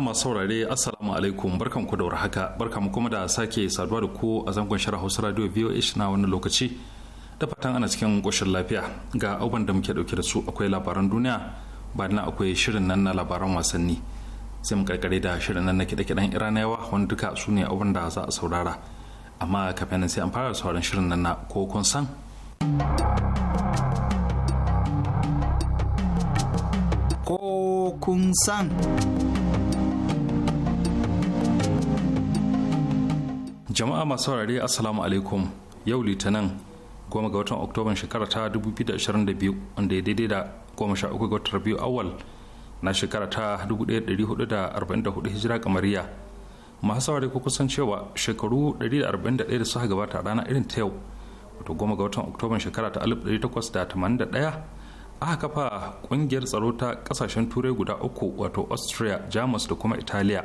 masu saurare assalamu alaikum barkan ku da haka barka mu kuma da sake saduwa da ku a zangon shara Hausa Radio VOH na wani lokaci da fatan ana cikin koshin lafiya ga abubuwan da muke dauke da su akwai labaran duniya ba na akwai shirin nan na labaran wasanni sai mu karkare da shirin nan na kiɗe-kiɗen yawa wanda duka su ne abubuwan da za a saurara amma kafin sai an fara sauran shirin nan na ko kun san ko kun san jama'a masu saurare assalamu alaikum yau litinin goma ga watan oktoban shekara ta 2022 wanda ya daidai da goma sha uku ga watan biyu awal na shekara ta 1444 hijira kamariya masu saurare ko kusan cewa shekaru 141 da suka gabata a ranar irin ta yau wato goma ga watan oktoban shekara ta 1881 aka kafa kungiyar tsaro ta kasashen turai guda uku wato austria jamus da kuma italiya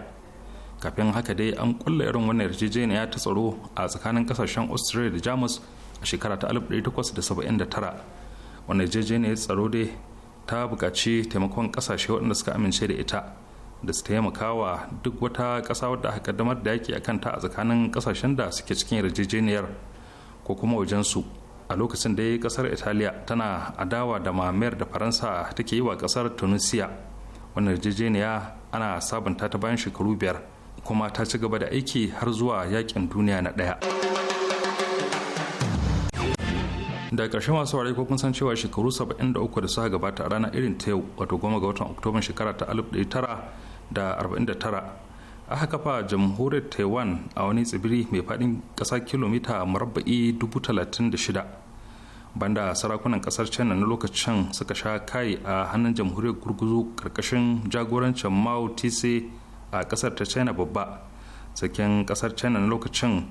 kafin haka dai an kulla irin wannan yarjejeniya ta tsaro a tsakanin kasashen australia da jamus a shekara ta 1879 wannan yarjejeniyar tsaro dai ta buƙaci taimakon kasashe waɗanda suka amince da ita da su taimaka wa duk wata ƙasa wadda aka kaddamar da yaƙi a ta a tsakanin ƙasashen da suke cikin yarjejeniyar ko kuma wajensu a lokacin da kasar italiya tana adawa da mamayar da faransa take yi wa kasar tunisia wannan yarjejeniya ana sabunta ta bayan shekaru biyar kuma ta ci gaba da aiki har zuwa yakin duniya na ɗaya. da ƙarshe masu ware ko kun san cewa shekaru 73 da suka gabata a ranar irin ta yau wato goma ga watan oktoba shekara ta 1949 aka kafa jamhuriyar taiwan a wani tsibiri mai faɗin ƙasa kilomita murabba'i 36 banda sarakunan ƙasar china na lokacin suka sha kai a hannun jamhuriyar gurguzu ƙarƙashin jagorancin mao tse a kasar ta china babba saken kasar china na lokacin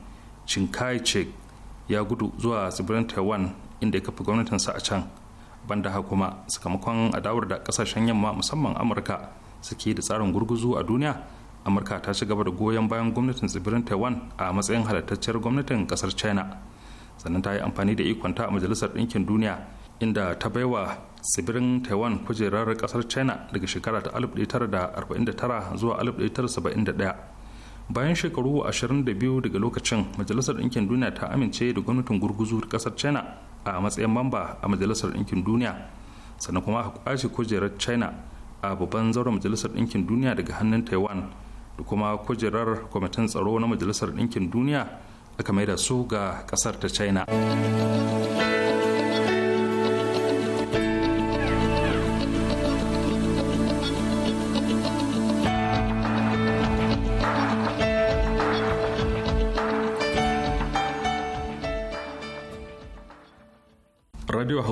chinkai kai ya gudu zuwa tsibirin taiwan inda ya kafa gwamnatinsa a can banda haka kuma sakamakon adawar da kasashen yamma musamman amurka suke da tsarin gurguzu a duniya amurka ta ci gaba da goyon bayan gwamnatin tsibirin taiwan a matsayin halittacciyar gwamnatin kasar china sannan ta yi amfani da ikonta a majalisar ɗinkin duniya inda ta baiwa tsibirin taiwan kujerar kasar china daga shekara ta 1949 zuwa 1971 bayan shekaru 22 daga lokacin majalisar ɗinkin duniya ta amince da gwamnatin gurguzu kasar china a matsayin mamba a majalisar ɗinkin duniya sannan kuma aka kwashe kujerar china a babban zaura majalisar ɗinkin duniya daga hannun taiwan da kuma kujerar kwamitin tsaro na majalisar ɗinkin duniya aka da su ga kasar ta china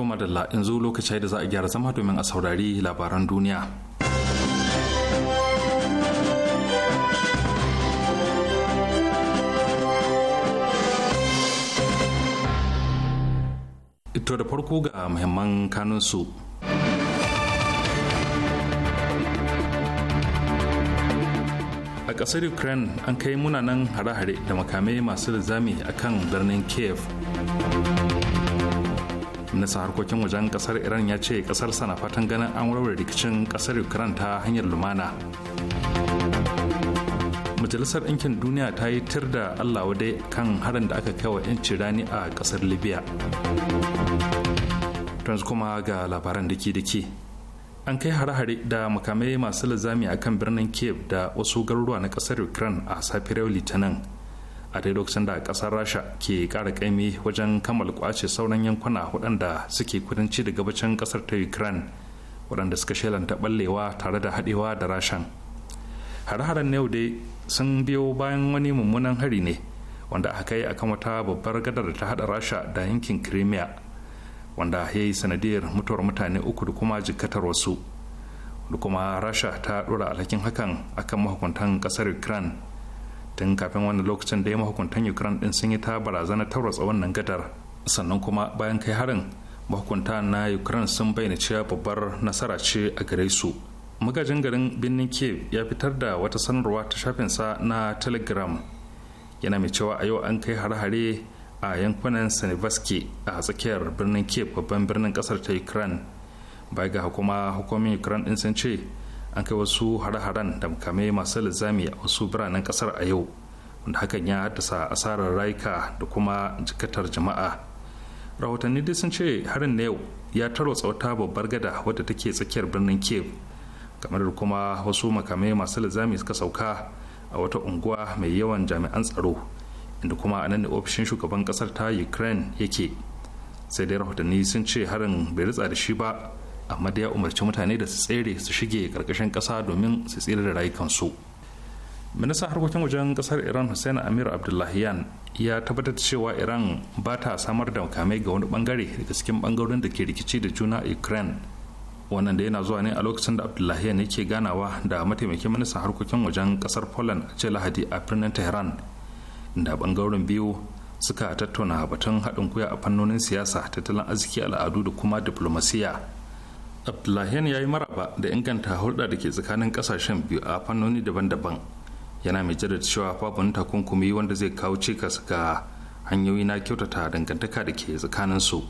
to madalla yanzu lokaci da za a gyara zama domin a saurari labaran duniya Ito da farko ga muhimman kanunsu a ƙasar ukraine an kai munanan hare-hare da makamai masu rizami a kan birnin kiev minista harkokin wajen kasar iran ya ce kasar sana fatan ganin an warware rikicin kasar ukraine ta hanyar lumana majalisar ɗinkin duniya ta yi tir da allah dai kan harin da aka kai wa 'yancin rani a kasar libya yanzu kuma ga labaran diki-diki an kai hare-hare da makamai masu lazami a kan birnin kiev da wasu garuruwa na kasar ukraine a safiyar litinin a dai lokacin da kasar rasha ke kara kaimi wajen kammala kwace sauran yankuna waɗanda suke kudanci da gabacin kasar ta ukraine waɗanda suka shelanta ɓallewa tare da haɗewa da rashan hare-haren yau dai sun biyo bayan wani mummunan hari ne wanda aka kai akan wata babbar gadar da ta haɗa rasha da yankin crimea wanda ya yi sanadiyar mutuwar mutane uku da kuma jikatar wasu da kuma rasha ta ɗora alhakin hakan akan mahukuntan ƙasar ukraine tun kafin wannan lokacin da ya mahukuntan ukraine din sun yi ta barazana tarwatsa wannan gadar sannan kuma bayan kai harin mahukunta na ukraine sun bayyana cewa babbar nasara ce a gare su magajin garin birnin kiev ya fitar da wata sanarwa ta shafinsa na telegram yana mai cewa a yau an kai hare-hare a yankunan sanivaski a tsakiyar birnin kiev babban birnin kasar ta ukraine Bai ga hukuma hukumin ukraine din sun ce an kai wasu hare-haren da makamai masu lizami a wasu biranen kasar a yau wanda hakan ya haddasa asarar rayuka da kuma jikatar jama'a rahotanni dai sun ce harin na yau ya tarwatsa wata babbar gada wadda take tsakiyar birnin kiev kamar da kuma wasu makamai masu lizami suka sauka a wata unguwa mai yawan jami'an tsaro inda kuma a nan ofishin shugaban kasar ta ukraine yake sai dai rahotanni sun ce harin bai ritsa da shi ba amma da ya umarci mutane da su tsere su shige karkashin kasa domin su tsira da rayukansu ministan harkokin wajen kasar iran hussein amir abdullahiyan ya tabbatar cewa iran ba ta samar da makamai ga wani bangare daga cikin bangarorin da ke rikici da juna ukraine wannan da yana zuwa ne a lokacin da abdullahiyan yake ganawa da mataimakin ministan harkokin wajen kasar poland a ce lahadi a birnin tehran da bangarorin biyu suka tattauna batun haɗin kuya a fannonin siyasa tattalin arziki al'adu da kuma diplomasiya abdullahian ya yi maraba da inganta hulɗa da ke tsakanin ƙasashen biyu a fannoni daban-daban yana mai jaddada cewa babu wani takunkumi wanda zai kawo cikas ga hanyoyi na kyautata dangantaka da ke tsakanin su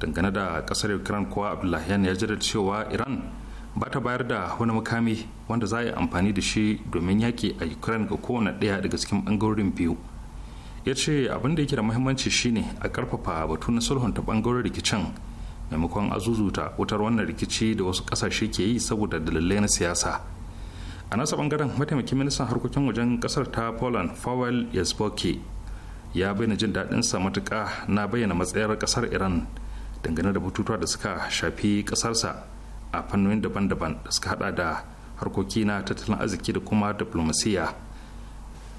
dangane da ƙasar ukraine kuwa abdullahian ya jaddada cewa iran ba ta bayar da wani makami wanda za a yi amfani da shi domin yaƙi a ukraine ga kowane ɗaya daga cikin ɓangarorin biyu ya ce abin da yake da muhimmanci shine a ƙarfafa batu na sulhunta ɓangarorin rikicin maimakon azuzuta wutar wannan rikici da wasu kasashe ke yi saboda dalilai na siyasa a nasa bangaren mataimakin ministan harkokin wajen kasar ta poland powell yasboki ya bayyana jin daɗinsa sa matuƙa na bayyana matsayar kasar iran dangane da batutuwa da suka shafi kasarsa a fannoni daban-daban da suka hada da harkoki na tattalin arziki da kuma diplomasiya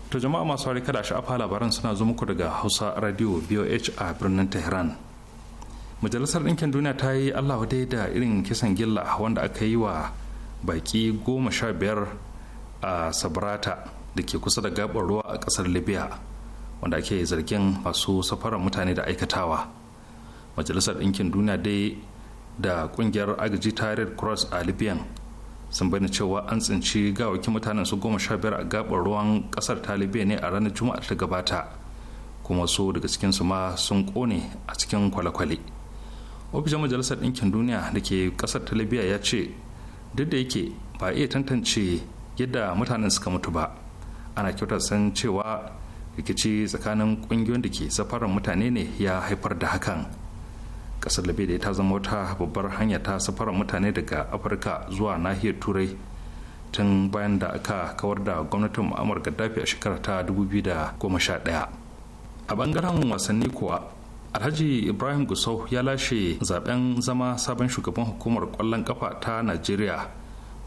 to jama'a masu kada sha'afa labaran suna zo muku daga hausa radio voh a birnin tehran majalisar ɗinkin duniya ta yi allahu dai da irin kisan gilla wanda aka yi wa baki goma sha biyar a sabrata da ke kusa da gabar ruwa a ƙasar libya wanda ake zargin masu safarar mutane da aikatawa majalisar ɗinkin duniya dai da ƙungiyar agaji ta red cross a libyan sun bayyana cewa an tsinci gawakin mutanen su goma sha biyar a gabar ruwan ƙasar ta libya ne a ranar juma'a ta gabata kuma su daga cikinsu ma sun ƙone a cikin kwale-kwale ofishin majalisar ɗinkin duniya da ke ƙasar ta ya ce duk da yake ba a iya tantance yadda mutanen suka mutu ba ana kyautar san cewa rikici tsakanin ƙungiyoyin da ke safarar mutane ne ya haifar da hakan ƙasar libya ta zama wata babbar hanya ta safarar mutane daga afirka zuwa nahiyar turai tun bayan da aka kawar da gwamnatin mu'ammar gaddafi a shekara ta 2011 a bangaren wasanni kuwa alhaji ibrahim gusau ya lashe zaben zama sabon shugaban hukumar kwallon kafa ta nigeria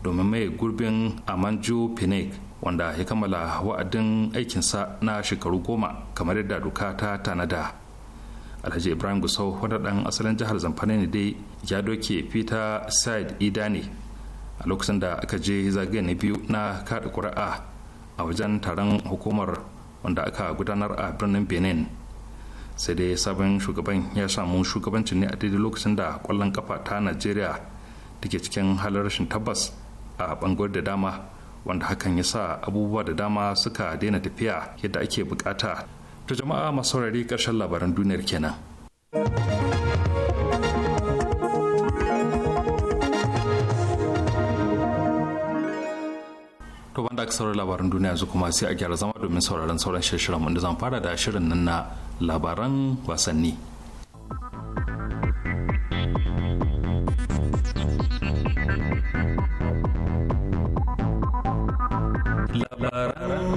domin mai gurbin amanjo pinnick wanda ya kammala wa'adin aikinsa na shekaru goma kamar yadda doka ta tanada alhaji ibrahim gusau wanda dan asalin jihar zamfane ne dai ya doke peter said idane a lokacin da aka je zagaye na biyu na kada kuri'a a wajen taron hukumar wanda aka gudanar a birnin benin sai dai sabon shugaban ya samu shugabancin ne a daidai lokacin da kwallon kafa ta najeriya take cikin halar rashin tabbas a bangar da dama wanda hakan ya sa abubuwa da dama suka daina tafiya yadda ake bukata ta jama'a masu saurari karshen labaran duniyar kenan. To ban da aka sauran labaran duniya yanzu kuma sai a gyara zama domin sauraron sauran shirin wanda zan fara da shirin nan na labaran wasanni. Labaran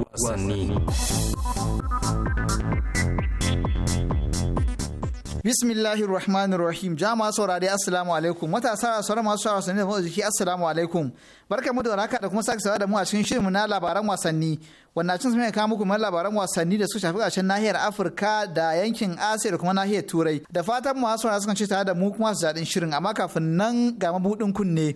wasanni. Bismillahir Rahmanir Rahim. Jama'a saurare Assalamu alaikum. Matasa sauran masu shawara sanin da motsa jiki Assalamu alaikum. Barkamu da waraka da kuma sake sawa da mu a cikin shirinmu na labaran wasanni. Wannan cin mai kawo muku labaran wasanni da su shafi ƙarshen nahiyar Afirka da yankin Asiya da kuma nahiyar Turai. Da fatan masu saurara sukan ce tare da mu kuma su daɗin shirin amma kafin nan ga mabuɗin kunne.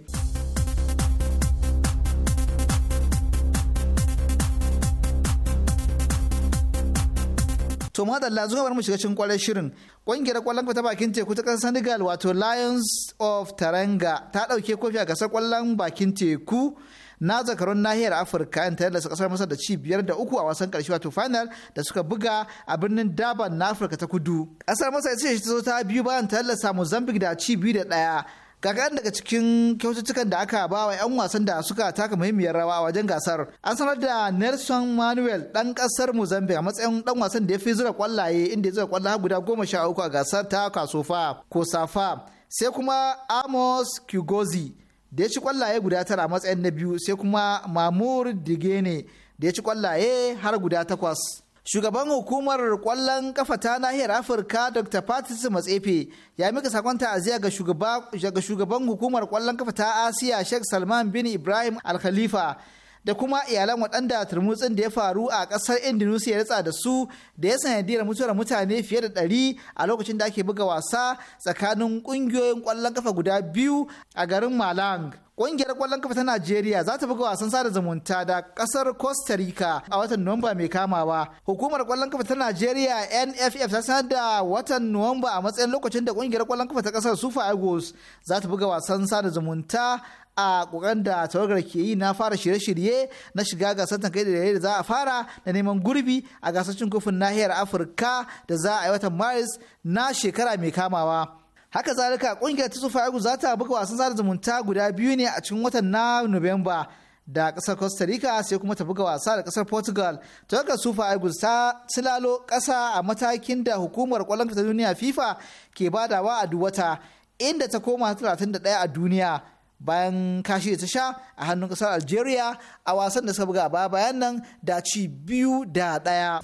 to madalla zuwa bar mu shiga cikin kwallon shirin ƙungiyar kwallon ta bakin teku ta kasar Senegal wato Lions of Taranga ta dauke kofi a gasar kwallon bakin teku na zakarun nahiyar Afirka in tare da kasar Masar da ci biyar da uku a wasan karshe wato final da suka buga a birnin daban na Afirka ta Kudu. Ƙasar Masar ce ta zo ta biyu bayan tare da Mozambique da ci biyu da daya. ga daga cikin kyaututtukan da aka ba wa 'yan wasan da suka taka muhimmiyar rawa a wajen gasar an sanar da nelson manuel ɗan ƙasar mozambique a matsayin ɗan wasan da ya fi zura kwallaye inda ya zura kwallaye har guda goma sha uku a gasar ta kasofa ko safa sai kuma amos kugozi da ya ci kwallaye guda tara a matsayin na biyu sai kuma mamur digene da ya ci kwallaye har guda takwas shugaban hukumar kwallon kafa ta nahiyar afirka dr patrice matsefe ya mika sakon ta'aziyya ga shugaban hukumar kwallon kafa ta asiya sheikh salman bin ibrahim al khalifa da kuma iyalan waɗanda turmutsin da ya faru a ƙasar indonesia ya ritsa da su da ya sanadiyar mutuwar mutane fiye da ɗari a lokacin da ake buga wasa tsakanin ƙungiyoyin ƙwallon kafa guda biyu a garin malang Ƙungiyar ƙwallon kafa ta Najeriya za ta buga wasan sada zumunta da ƙasar Costa Rica a watan Nuwamba mai kamawa. Hukumar ƙwallon kafa ta Najeriya NFF ta sanar da watan Nuwamba a matsayin lokacin da ƙungiyar ƙwallon kafa ta ƙasar Super Eagles za ta buga wasan sada zumunta a kokarin da tawagar ke yi na fara shirye-shirye na shiga gasar kai da da za a fara da neman gurbi a gasar cin kofin nahiyar afirka da za a yi watan maris na shekara mai kamawa haka zalika ƙungiyar ta sufa yagu za ta buga wasan sada zumunta guda biyu ne a cikin watan na nuwamba da kasar costa rica sai kuma ta buga wasa da kasar portugal tawagar sufa eagles ta silalo kasa a matakin da hukumar kwallon ta duniya fifa ke badawa a duwata inda ta koma 31 a duniya bayan kashi da ta sha a hannun kasar algeria a wasan da suka buga baya bayan nan da ci biyu da daya.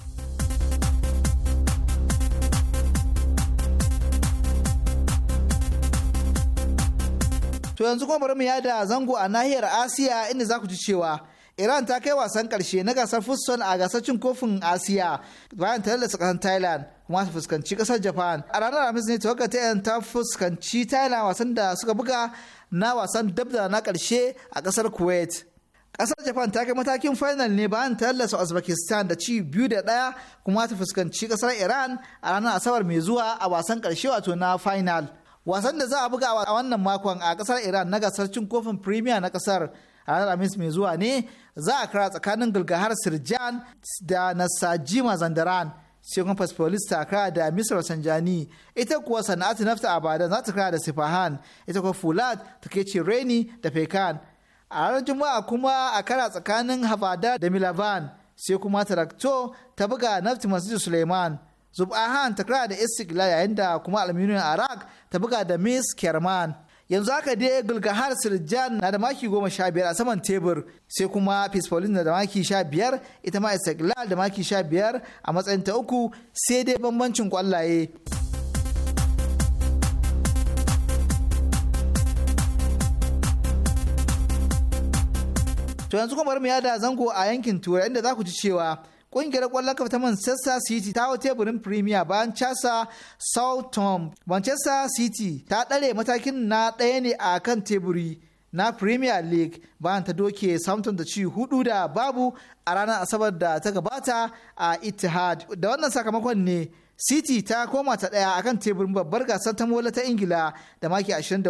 To yanzu kuma bari mu yada zango a nahiyar Asiya inda za ku ji cewa Iran ta kai wasan karshe na gasar Futsal a gasar cin kofin Asiya bayan ta lallasa ƙasar Thailand kuma ta fuskanci kasar japan a ranar alhamis ne tawagar ta yan ta fuskanci china wasan da suka buga na wasan dabda na karshe a kasar kuwait kasar japan ta kai matakin final ne bayan ta tallasa uzbekistan da ci biyu da daya kuma ta fuskanci kasar iran a ranar asabar mai zuwa a wasan karshe wato na final wasan da za a buga a wannan makon a kasar iran na gasar cin kofin premier na kasar a ranar alhamis mai zuwa ne za a kira tsakanin gulgahar sirjan da nasajima zandaran sai kuma ta kara da Misra Sanjani ita kuwa sana'atu nafta Abada za ta kara da Sifahan ita kuwa Fulat ta ke Reni da Fekan a ranar Juma'a kuma a kara tsakanin Havada da Milavan sai kuma Tarakto ta buga nafti Masjid Suleiman Zubahan ta kara da Istiklal yayin da kuma alminiyar Arak ta buga da Miss Kerman yanzu haka dai gulgahar sirjan na da maki goma sha biyar a saman tebur sai kuma fisfolin na da maki sha biyar ita ma istiklal da maki sha biyar a matsayin ta uku sai dai bambancin kwallaye. to yanzu kuma bari mu yada zango a yankin turai inda za ku ji cewa kungiyar kwallon kafa ta Manchester City ta hau teburin Premier bayan casa Southampton. Manchester City ta ɗare matakin na ɗaya ne a kan teburi na Premier League bayan ta doke Southampton da ci hudu da babu a ranar Asabar da ta gabata a Etihad. Da wannan sakamakon ne City ta koma ta ɗaya akan teburin babbar gasar ta mola ta Ingila da maki 23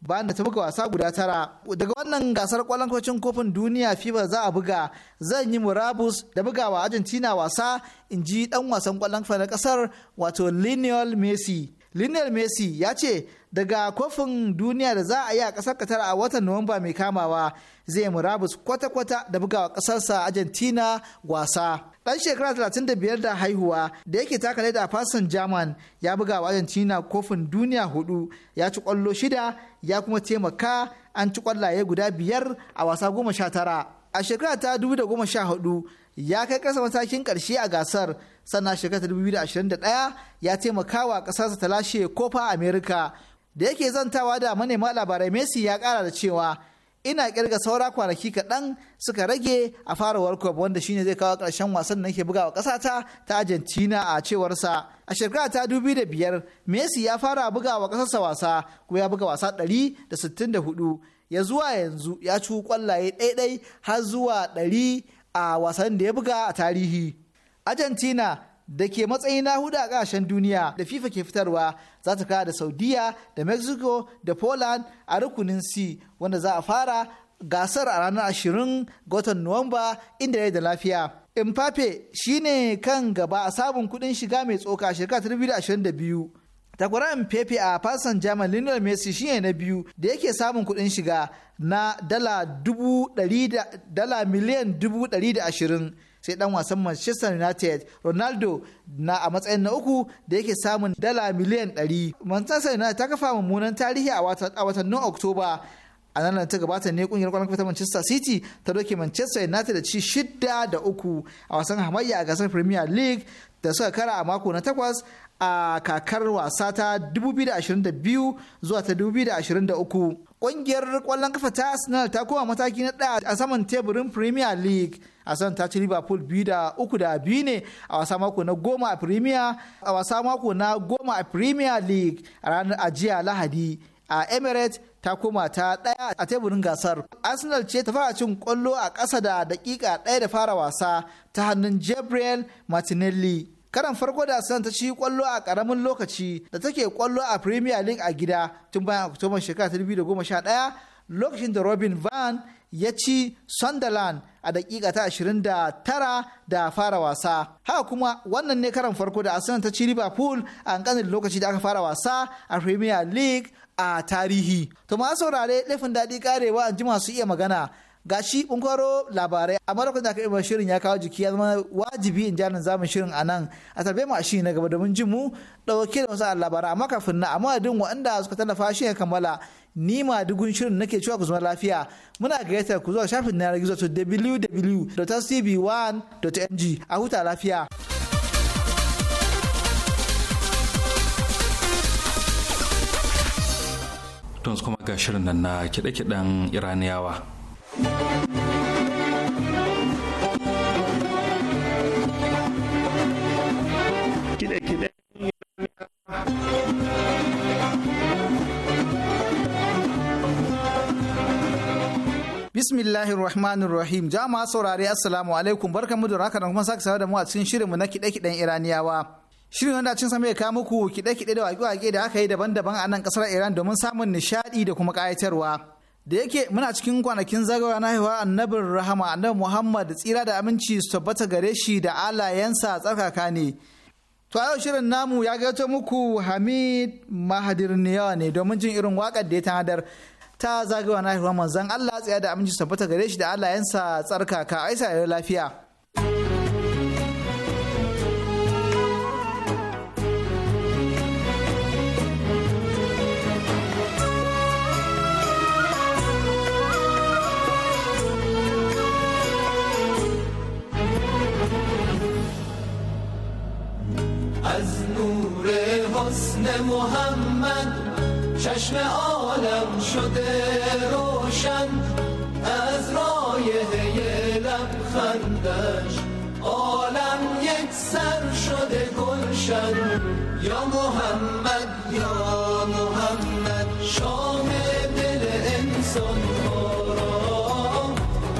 bayan da ta buga wasa guda tara. Daga wannan gasar kwallon kofin duniya FIFA za a buga zan yi murabus da bugawa Argentina wasa in ji ɗan wasan kwallon na ƙasar wato Lionel Messi. Lionel Messi ya ce daga kofin duniya da za a yi a ƙasar Qatar a watan Nuwamba mai kamawa zai murabus kwata-kwata da bugawa ƙasarsa Argentina wasa. Ɗan shekara 35 da haihuwa da yake taka da fasan German ya buga wa Argentina kofin duniya hudu ya ci kwallo shida ya kuma taimaka an ci kwallaye guda biyar a wasa goma sha tara. A shekara ta 2014 ya kai ƙasa matakin karshe a gasar sannan shekara 2021 ya taimaka wa ƙasarsa ta lashe kofa america da yake zantawa da manema labarai messi ya kara da cewa ina kirga saura kwanaki kaɗan suka rage a fara World Cup wanda shine zai kawo ƙarshen wasan da nake bugawa kasata ta Argentina a cewarsa. A shekara ta dubi da biyar Messi ya fara bugawa kasarsa wasa ko ya buga wasa ɗari da sittin da hudu ya zuwa yanzu ya ci kwallaye ɗaiɗai har zuwa ɗari a wasan da ya buga a tarihi. Argentina da ke matsayi na hudu a ƙasashen duniya da FIFA ke fitarwa za ta kara da Saudiya da Mexico da Poland a rukunin C wanda za a fara gasar a ranar 20 ga watan Nuwamba inda ya da lafiya. shi shine kan gaba a sabon kuɗin shiga mai tsoka shekara 2022. takwaran pepe a fasan german lionel messi shine na biyu da yake samun kuɗin shiga na dala miliyan dubu ɗari da ashirin sai dan wasan manchester united ronaldo na a matsayin na uku da yake samun dala miliyan ɗari manchester united ta kafa mummunan tarihi a watannin oktoba a nan ta gabata ne kungiyar kwallon ta Manchester City ta doke Manchester United da ci shidda da uku a wasan hamayya a gasar Premier League da suka kara a mako na takwas a kakar wasa ta 2022 zuwa ta 2023 ƙungiyar ƙwallon kafa ta arsenal ta koma mataki na ɗaya a saman teburin premier league arsenal ta ci liverpool biyu da uku da biyu ne a wasa mako na goma a premier a league a ranar ajiya lahadi a emirates ta koma ta ɗaya a teburin gasar. Arsenal ce ta fara cin ƙwallo a ƙasa da daƙiƙa ɗaya da fara wasa ta hannun Gabriel Martinelli. karan farko da san ta ci kwallo a karamin lokaci da take kwallo a Premier League a gida tun bayan Oktoban shekara 2011 lokacin da Robin Van ya ci Sunderland a dakika ta 29 da fara wasa. Haka kuma wannan ne karan farko da Arsenal ta ci Liverpool a kanin lokaci da aka fara wasa a Premier League a tarihi. To ma saurare laifin daɗi karewa an ji masu iya magana. gashi mun kwaro labarai amma lokacin da aka yi shirin ya kawo jiki ya zama wajibi in janin zamun shirin a nan a tarbe mu a shi na gaba domin jin mu dauke da wasu labarai amma kafin na amma din wanda suka tallafa shi ya kammala ni ma dugun shirin nake cewa ku zama lafiya muna gayyatar ku zuwa shafin na yanar gizo to wwwcb 1ng a huta lafiya. Tons kuma ga shirin nan na kiɗe-kiɗen Iraniyawa. Bismillahi kide Bismillahir Rahim. Jama'a saurare Assalamu alaikum. Barkanmu da raka da kuma sake sa da mu a cikin shirinmu na kiɗe kiɗen Iraniyawa. Shirin wanda cin sama ya kawo muku kiɗe kiɗe da waƙe-waƙe da aka yi daban-daban a nan ƙasar Iran domin samun nishaɗi da kuma kayatarwa. da yake muna cikin kwanakin zagawa na haihuwa annabin rahama annabi muhammad tsira da aminci su tabbata gare shi da alayensa tsarkaka ne to yau shirin namu ya gato muku hamid Mahadir niyawa ne domin jin irin wakar da ya tanadar ta zagawa na haihuwa manzon allah tsira da aminci su tabbata gare shi da alayensa tsarkaka aisa lafiya محمد چشم عالم شده روشن از رایه لبخندش عالم یک سر شده گلشن یا محمد یا محمد شام دل انسان را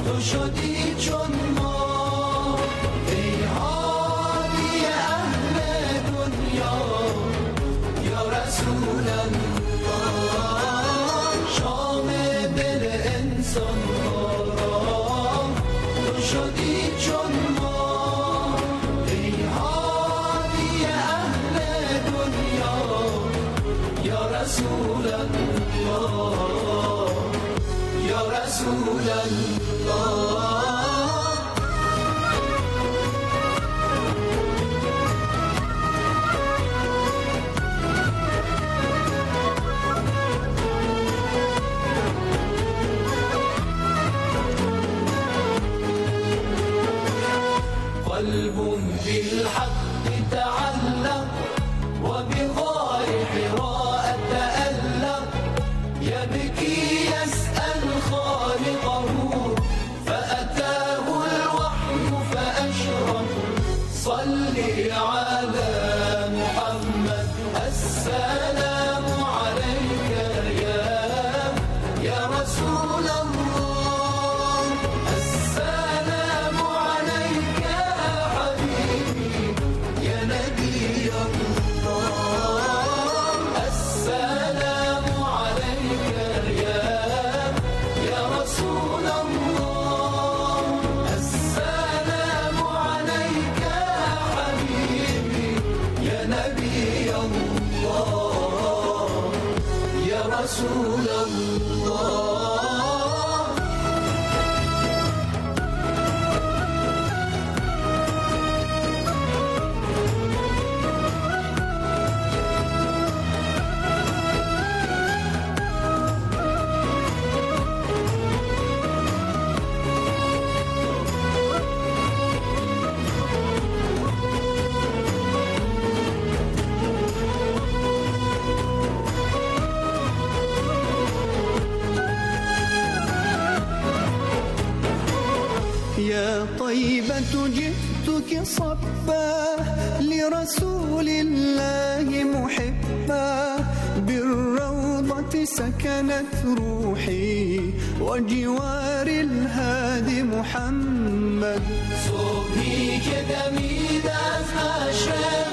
تو شام دل انسان ها را تو شدی چون ما ریحانی اهل دنیا یا رسول الله یا رسول الله صل على محمد طيبة جئتك صبا لرسول الله محبا بالروضة سكنت روحي وجوار الهادي محمد صبحي كدمي دفع شر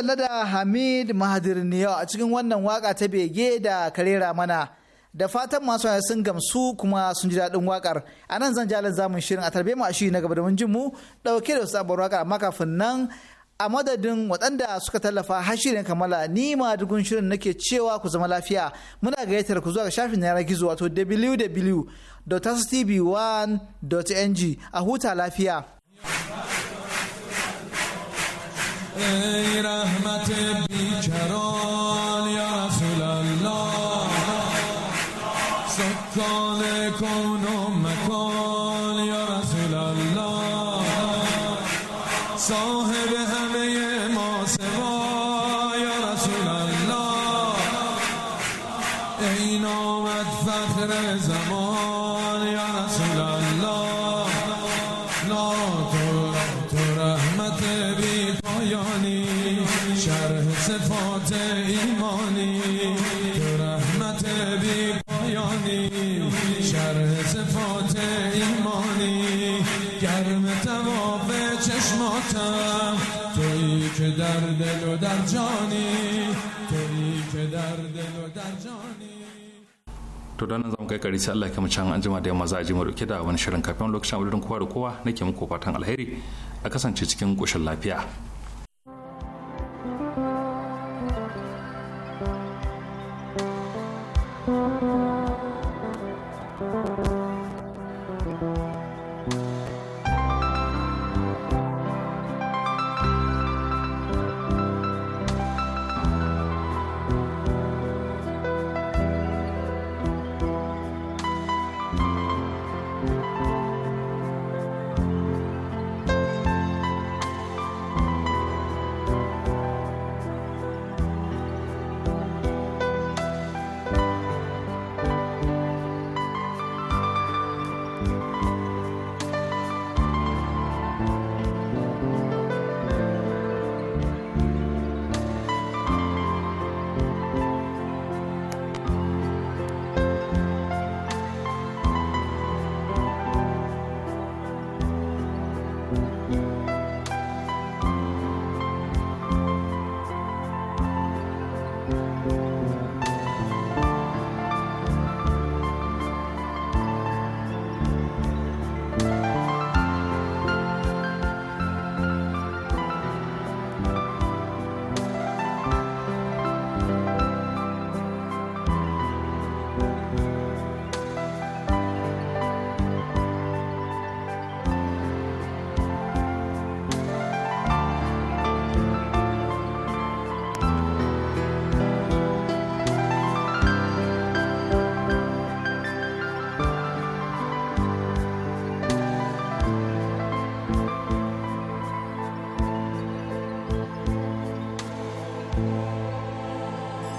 talla da Hamid Mahadir a cikin wannan waka ta bege da karera mana. Da fatan masu sun gamsu kuma sun ji daɗin wakar. A nan zan jalin zamun shirin a tarbe mu a na gaba mun jin mu ɗauke da sabon wakar amma kafin nan a madadin waɗanda suka tallafa har shirin kamala ni ma dugun shirin nake cewa ku zama lafiya muna gayyatar ku zuwa ga shafin yanar gizo wato www.tv1.ng a huta lafiya. Eh, to don nan zamu kai kari sai Allah ya can an jima da yamma za a ji mu dauke da wani shirin kafin lokacin wurin kowa da kowa nake muku fatan alheri a kasance cikin koshin lafiya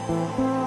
thank you